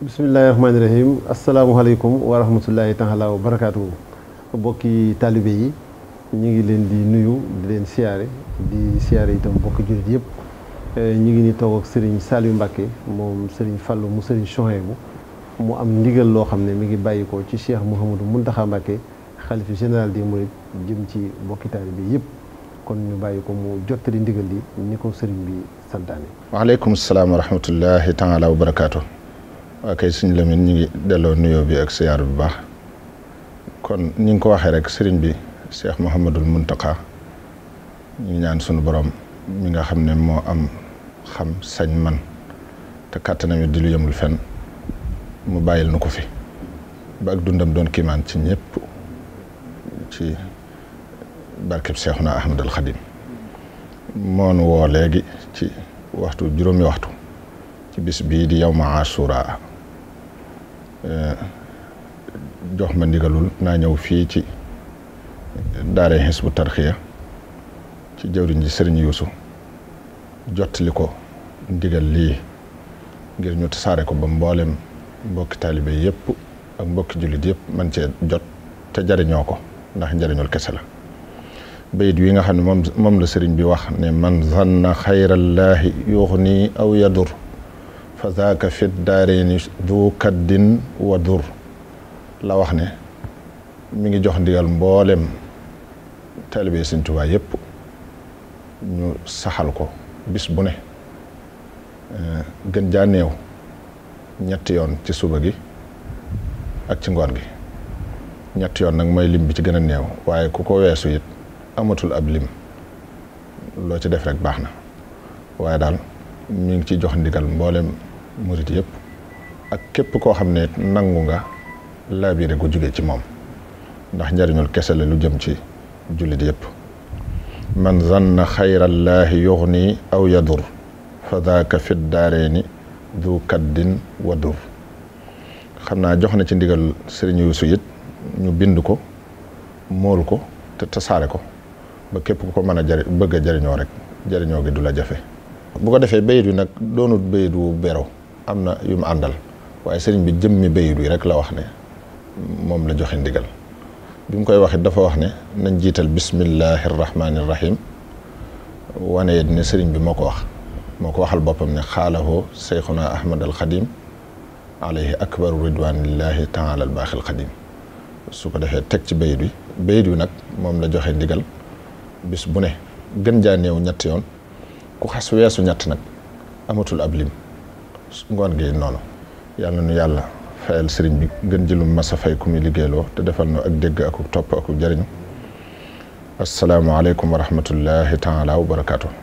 bisimilahi rahmaani rahim asalaamualeykum wa rahmatullahi taala wa barakaatu bokki taalibe yi ñu ngi leen di nuyu di leen siyaare di siyaare itam bokki jullit yëpp eh, ñu ngi ni toog ak sëriñ Saliou Mbacke moom sëriñ Fallou mu sëriñ Chouhaïbou mu am ndigal loo xam ne mi ngi bàyyi ko ci Cheikh Mouhamadou Mountakha Mbacke xalifi général des mourides jëm ci bokki taalibe yëpp kon ñu bàyyi ko mu jottali ndigal li ni ko sëriñ bi santaane. waaleykum salaam wa rahmatullahi taala waa kay sëñ Lamine ñu ngi delloo nuyoo bi ak siyaar bu baax kon ñi ngi ko waxee rek sëriñ bi Cheikh Mouhamadul Mountakha ñu ñaan sunu borom mi nga xam ne moo am xam sañ man te kàttanam it di lu yemul fenn mu bàyyil nu ko fi ba ak dundam doon kiimaan ci ñëpp ci barkeb Seexuna Ahmadul Xadim moonu woo léegi ci waxtu juróomi waxtu ci bis bii di yow ma asura Euh, jox ma ndigalul naa ñëw fii ci daare Hizbut Tarqiyyah ci jëwriñ ji Sëriñ Yuusu jottali ko ndigal lii ngir ñu saare ko ba mboolem mbokki taalibe yëpp ak mbokki jullit yëpp man cee jot te jariñoo ko ndax njariñul kese la bayit wi nga xam ne moom moom la sëriñ bi wax ne man zanna xayrallaahi yuxni aw yadur fa zaaka fit daarayni du kaddin wa dur la wax ne mu ngi jox ndigal mboolem taalibe Sëñ Tuubaa yépp ñu saxal ko bis bu ne eh, gën jaa néew ñetti yoon ci suba gi ak ci ngoon gi ñetti yoon nag mooy lim bi ci gën a néew waaye ku ko weesu it amatul ab lim loo ci def rek baax na waaye daal mi ngi ci jox ndigal mboolem murit yëpp ak képp koo xam ne nangu nga laabire gu jóge ci moom ndax njariñul kese la lu jëm ci jullit yëpp man zanna xayrallaahi yuxni aw yadur fa daaka fi daareeni du kaddin wa dur xam naa jox na ci ndigal sëriñ Yuusu it ñu bind ko mool ko te tasaare ko ba képp ku ko mën a jari bëgg a jariñoo rek jariñoo gi du la jafe bu ko defee bayit wi nag doonut bayit wu beroo am na yu mu àndal waaye sëriñ bi jëmmi bayit wi rek la wax ne moom la joxe ndigal bi koy wax dafa wax ne nañ jiital bismillahi rahmaani rahim wane it bi moo ko wax moo ko waxal boppam ne xaalahu seyxuna ahmad al xadim alayhi akbaru ridwanillahi taala al baaxil xadim su ko defee teg ci bayit wi bayit wi nag moom la joxe ndigal bis bu ne gën jaa ñett yoon ku xas weesu ñett nag amatul ab lim ngoon gi noonu yàlla nu yàlla fayal sëriñ bi gën ji lu mas a fay ku muy liggéeyloo te defal no ak dégg akub topp akub jëriñ asalaamaaleykum wa rahmatullahi taala wa barakaatu.